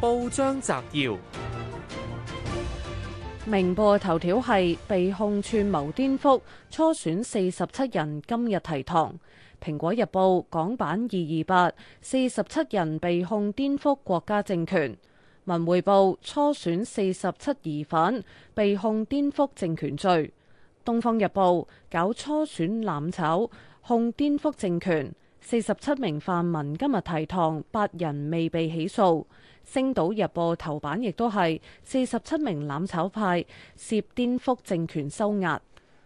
報章摘要：明報頭條係被控串謀顛覆初選四十七人今日提堂。蘋果日報港版二二八四十七人被控顛覆國家政權。文匯報初選四十七疑犯被控顛覆政權罪。東方日報搞初選攬炒，控顛覆政權。四十七名泛民今日提堂，八人未被起訴。星島日報頭版亦都係四十七名攬炒派涉顛覆政權收押。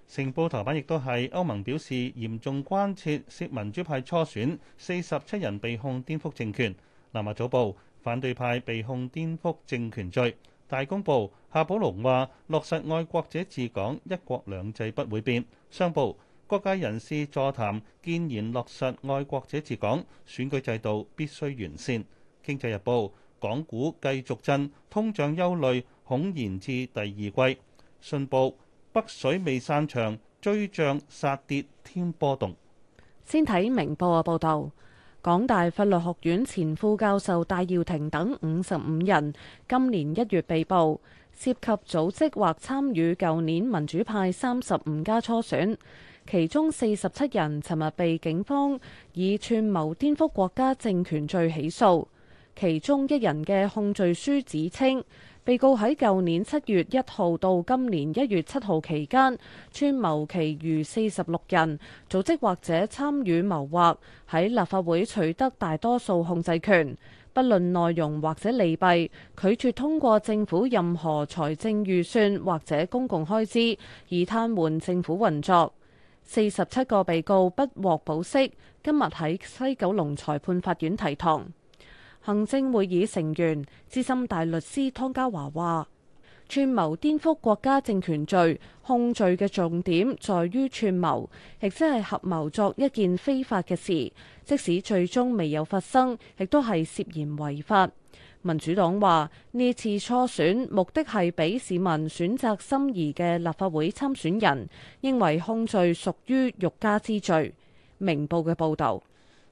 成報頭版亦都係歐盟表示嚴重關切涉民主派初選，四十七人被控顛覆政權。南華早報反對派被控顛覆政權罪。大公報夏寶龍話：落實愛國者治港，一國兩制不會變。商報。各界人士座談，建言落實愛國者治港，選舉制度必須完善。經濟日報：港股繼續震，通脹憂慮恐延至第二季。信報：北水未散場，追漲殺跌添波動。先睇明報嘅報導，港大法律學院前副教授戴耀廷等五十五人今年一月被捕，涉及組織或參與舊年民主派三十五家初選。其中四十七人，尋日被警方以串謀顛覆國家政權罪起訴。其中一人嘅控罪書指稱，被告喺舊年七月一號到今年一月七號期間，串謀其餘四十六人組織或者參與謀劃喺立法會取得大多數控制權，不論內容或者利弊，拒絕通過政府任何財政預算或者公共開支，以癱瘓政府運作。四十七個被告不獲保釋，今日喺西九龍裁判法院提堂。行政會議成員資深大律師湯家驊話，串謀顛覆國家政權罪控罪嘅重點在於串謀，亦即係合謀作一件非法嘅事，即使最終未有發生，亦都係涉嫌違法。民主黨話：呢次初選目的係俾市民選擇心儀嘅立法會參選人，認為控罪屬於欲加之罪。明報嘅報導。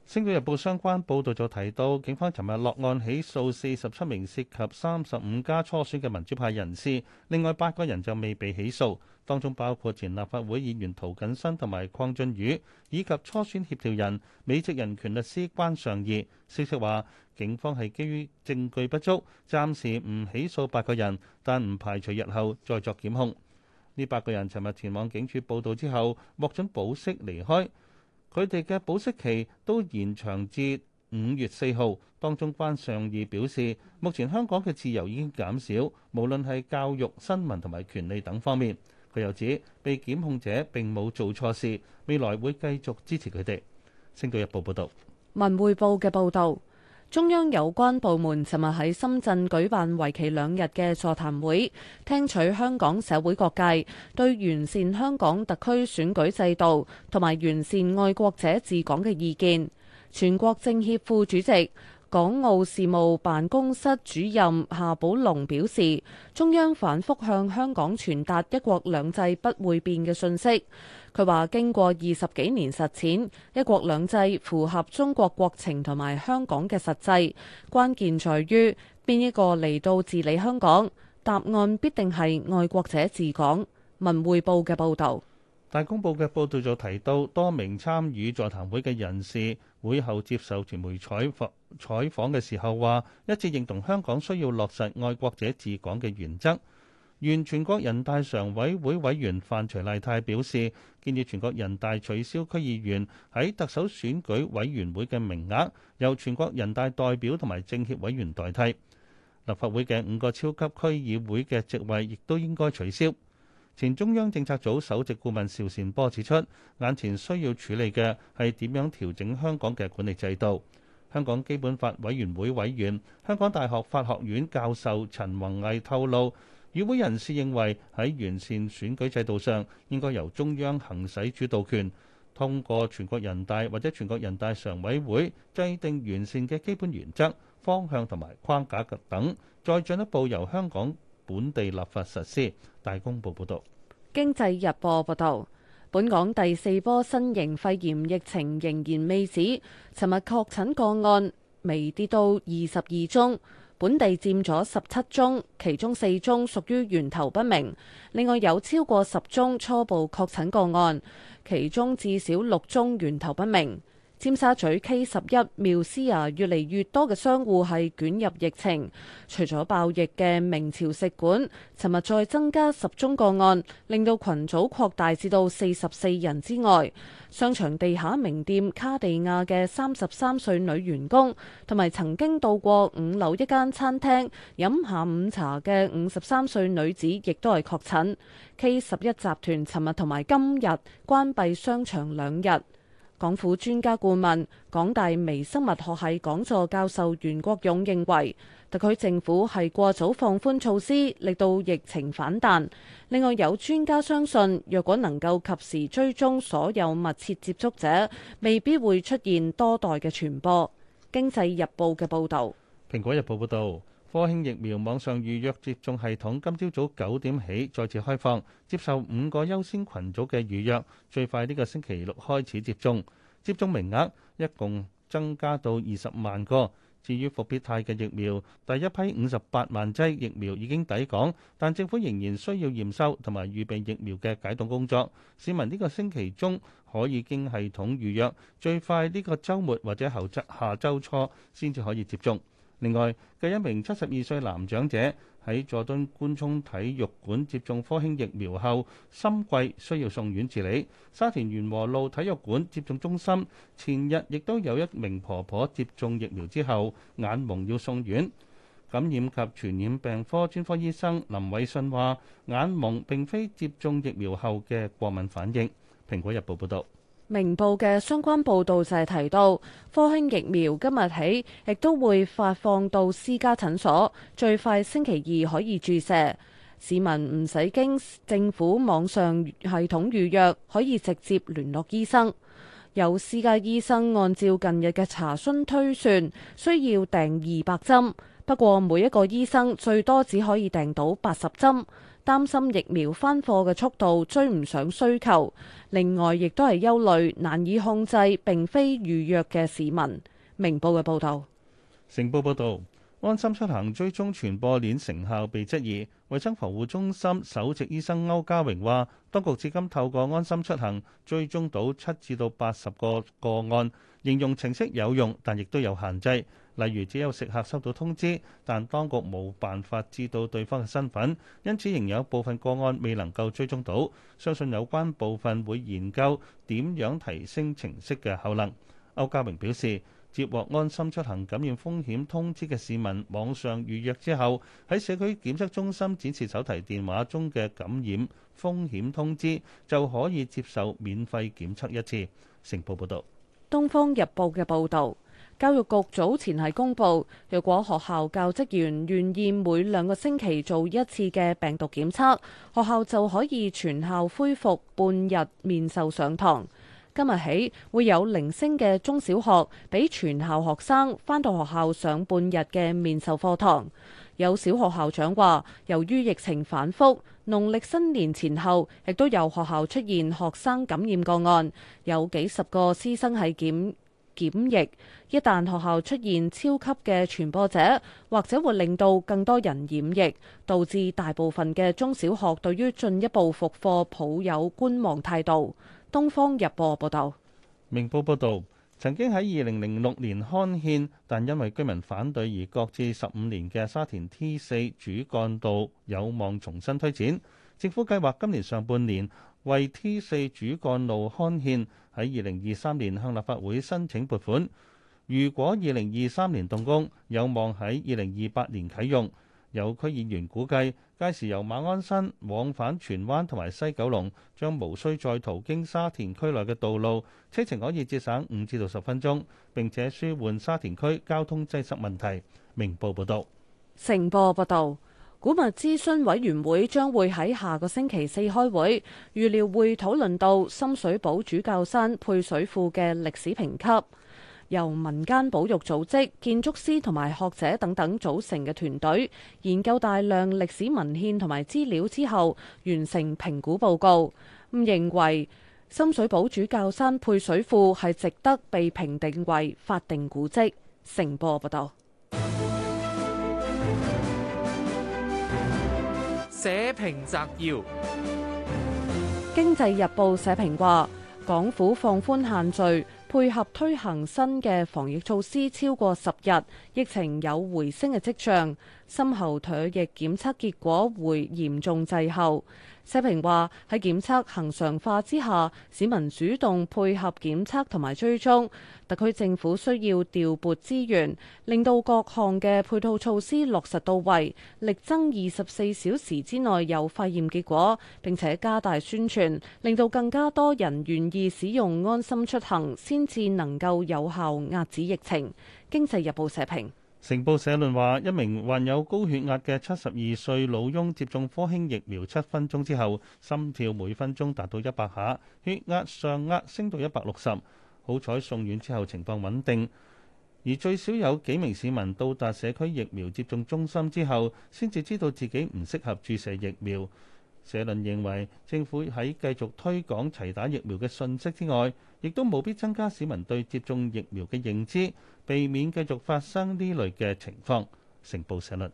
《星島日報》相關報導就提到，警方尋日落案起訴四十七名涉及三十五家初選嘅民主派人士，另外八個人就未被起訴，當中包括前立法會議員涂謹申同埋鄺俊宇，以及初選協調人美籍人權律師關尚義。消息話，警方係基於證據不足，暫時唔起訴八個人，但唔排除日後再作檢控。呢八個人尋日前往警署報到之後，獲准保釋離開。佢哋嘅保釋期都延長至五月四號。當中關上議表示，目前香港嘅自由已經減少，無論係教育、新聞同埋權利等方面。佢又指，被檢控者並冇做錯事，未來會繼續支持佢哋。星島日報報道。文匯報嘅報導。中央有關部門尋日喺深圳舉辦為期兩日嘅座談會，聽取香港社會各界對完善香港特區選舉制度同埋完善愛國者治港嘅意見。全國政協副主席。港澳事務辦公室主任夏寶龍表示，中央反覆向香港傳達一國兩制不會變嘅信息。佢話：經過二十幾年實踐，一國兩制符合中國國情同埋香港嘅實際，關鍵在於邊一個嚟到治理香港，答案必定係愛國者治港。文匯報嘅報道。大公報嘅報導就提到，多名參與座談會嘅人士會後接受傳媒採訪，採訪嘅時候話，一致認同香港需要落實愛國者治港嘅原則。原全國人大常委會委員范徐麗泰表示，建議全國人大取消區議員喺特首選舉委員會嘅名額，由全國人大代表同埋政協委員代替。立法會嘅五個超級區議會嘅席位亦都應該取消。前中央政策組首席顧問邵善波指出，眼前需要處理嘅係點樣調整香港嘅管理制度。香港基本法委員會委員、香港大學法學院教授陳宏毅透露，與會人士認為喺完善選舉制度上，應該由中央行使主導權，通過全國人大或者全國人大常委會制定完善嘅基本原則、方向同埋框架等，再進一步由香港本地立法實施，大公報報導，經濟日報報導，本港第四波新型肺炎疫情仍然未止。尋日確診個案微跌到二十二宗，本地佔咗十七宗，其中四宗屬於源頭不明。另外有超過十宗初步確診個案，其中至少六宗源頭不明。尖沙咀 K 十一繆斯亞越嚟越多嘅商戶係捲入疫情，除咗爆疫嘅明朝食館，尋日再增加十宗個案，令到群組擴大至到四十四人之外，商場地下名店卡地亞嘅三十三歲女員工，同埋曾經到過五樓一間餐廳飲下午茶嘅五十三歲女子，亦都係確診。K 十一集團尋日同埋今日關閉商場兩日。港府專家顧問、港大微生物學系講座教授袁國勇認為，特區政府係過早放寬措施，令到疫情反彈。另外，有專家相信，若果能夠及時追蹤所有密切接觸者，未必會出現多代嘅傳播。經濟日報嘅報導，蘋果日報報導。科興疫苗網上預約接種系統今朝早九點起再次開放，接受五個優先群組嘅預約，最快呢個星期六開始接種。接種名額一共增加到二十萬個。至於復必泰嘅疫苗，第一批五十八萬劑疫苗已經抵港，但政府仍然需要驗收同埋預備疫苗嘅解凍工作。市民呢個星期中可以經系統預約，最快呢個週末或者後日下週初先至可以接種。另外，另一名七十二歲男長者喺佐敦官涌體育館接種科興疫苗後，心悸需要送院治理。沙田元和路體育館接種中心前日亦都有一名婆婆接種疫苗之後眼矇要送院。感染及傳染病科專科醫生林偉信話：眼矇並非接種疫苗後嘅過敏反應。蘋果日報報導。明報嘅相關報導就係提到，科興疫苗今日起亦都會發放到私家診所，最快星期二可以注射。市民唔使經政府網上系統預約，可以直接聯絡醫生。有私家醫生按照近日嘅查詢推算，需要訂二百針，不過每一個醫生最多只可以訂到八十針。擔心疫苗翻貨嘅速度追唔上需求，另外亦都係憂慮難以控制並非預約嘅市民。明報嘅報道。成報報導安心出行追蹤傳播鏈成效被質疑，衞生防護中心首席醫生歐家榮話，當局至今透過安心出行追蹤到七至到八十個個案，形容程式有用，但亦都有限制。例如只有食客收到通知，但當局冇辦法知道對方嘅身份，因此仍有部分個案未能夠追蹤到。相信有關部分會研究點樣提升程式嘅效能。歐家榮表示，接獲安心出行感染風險通知嘅市民，網上預約之後，喺社區檢測中心展示手提電話中嘅感染風險通知，就可以接受免費檢測一次。成報報道，東方日報嘅報道。教育局早前係公布，若果學校教職員願意每兩個星期做一次嘅病毒檢測，學校就可以全校恢復半日面授上堂。今日起會有零星嘅中小學，俾全校學生返到學校上半日嘅面授課堂。有小學校長話，由於疫情反復，農曆新年前後亦都有學校出現學生感染個案，有幾十個師生係檢。檢疫一旦學校出現超級嘅傳播者，或者會令到更多人染疫，導致大部分嘅中小學對於進一步復課抱有觀望態度。《東方日報》報道，《明報》報道曾經喺二零零六年刊憲，但因為居民反對而擱置十五年嘅沙田 T 四主幹道有望重新推展，政府計劃今年上半年。為 T 四主幹路刊憲喺二零二三年向立法會申請撥款，如果二零二三年動工，有望喺二零二八年啟用。有區議員估計，屆時由馬鞍山往返荃灣同埋西九龍，將無需再途經沙田區內嘅道路，車程可以節省五至到十分鐘，並且舒緩沙田區交通擠塞問題。明報報道。成報報道。古物諮詢委員會將會喺下個星期四開會，預料會討論到深水埗主教山配水庫嘅歷史評級。由民間保育組織、建築師同埋學者等等組成嘅團隊，研究大量歷史文獻同埋資料之後，完成評估報告，認為深水埗主教山配水庫係值得被評定為法定古跡。成播報道。社評摘要，《經濟日報》社評話：港府放寬限聚。配合推行新嘅防疫措施超過十日，疫情有回升嘅跡象，深喉唾液檢測結果會嚴重滯後。社評話：喺檢測恆常化之下，市民主動配合檢測同埋追蹤，特區政府需要調撥資源，令到各項嘅配套措施落實到位，力爭二十四小時之內有化驗結果。並且加大宣傳，令到更加多人願意使用安心出行先，先至能夠有效遏止疫情。經濟日報社評。成報社論話，一名患有高血壓嘅七十二歲老翁接種科興疫苗七分鐘之後，心跳每分鐘達到一百下，血壓上壓升到一百六十，好彩送院之後情況穩定。而最少有幾名市民到達社區疫苗接種中心之後，先至知道自己唔適合注射疫苗。社論認為政府喺繼續推廣齊打疫苗嘅訊息之外，亦都務必增加市民對接種疫苗嘅認知，避免繼續發生呢類嘅情況。成報社論。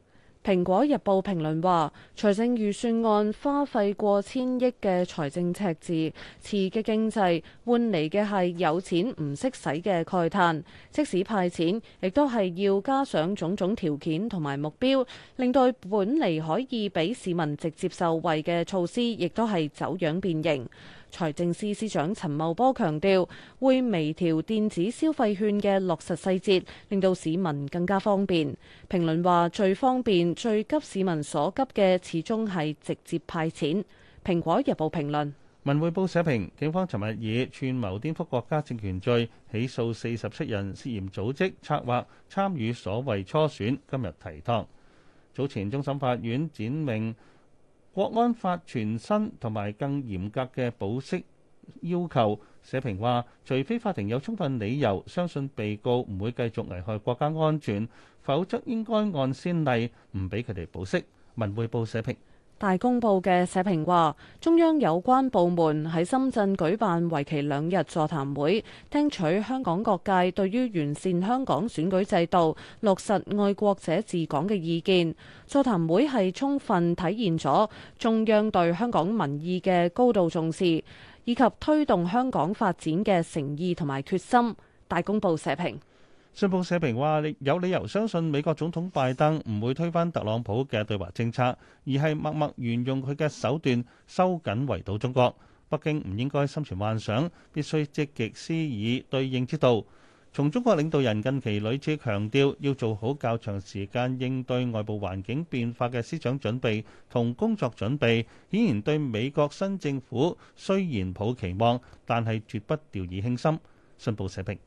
《蘋果日報》評論話：財政預算案花費過千億嘅財政赤字，刺激經濟，換嚟嘅係有錢唔識使嘅慨嘆。即使派錢，亦都係要加上種種條件同埋目標，令到本嚟可以俾市民直接受惠嘅措施，亦都係走樣變形。財政司司長陳茂波強調，會微調電子消費券嘅落實細節，令到市民更加方便。評論話最方便、最急市民所急嘅，始終係直接派錢。《蘋果日報》評論。《文匯報》社評，警方尋日以串謀顛覆國家政權罪起訴四十七人涉嫌組織、策劃、參與所謂初選，今日提堂。早前終審法院展明。《國安法》全新同埋更嚴格嘅保釋要求，社評話：除非法庭有充分理由相信被告唔會繼續危害國家安全，否則應該按先例唔俾佢哋保釋。《文匯報》社評。大公報嘅社評話：中央有關部門喺深圳舉辦為期兩日座談會，聽取香港各界對於完善香港選舉制度、落實愛國者治港嘅意見。座談會係充分體現咗中央對香港民意嘅高度重視，以及推動香港發展嘅誠意同埋決心。大公報社評。信報社評話：你有理由相信美國總統拜登唔會推翻特朗普嘅對華政策，而係默默沿用佢嘅手段收緊圍堵中國。北京唔應該心存幻想，必須積極施以對應之道。從中國領導人近期屢次強調要做好較長時間應對外部環境變化嘅思想準備同工作準備，顯然對美國新政府雖然抱期望，但係絕不掉以輕心。信報社評。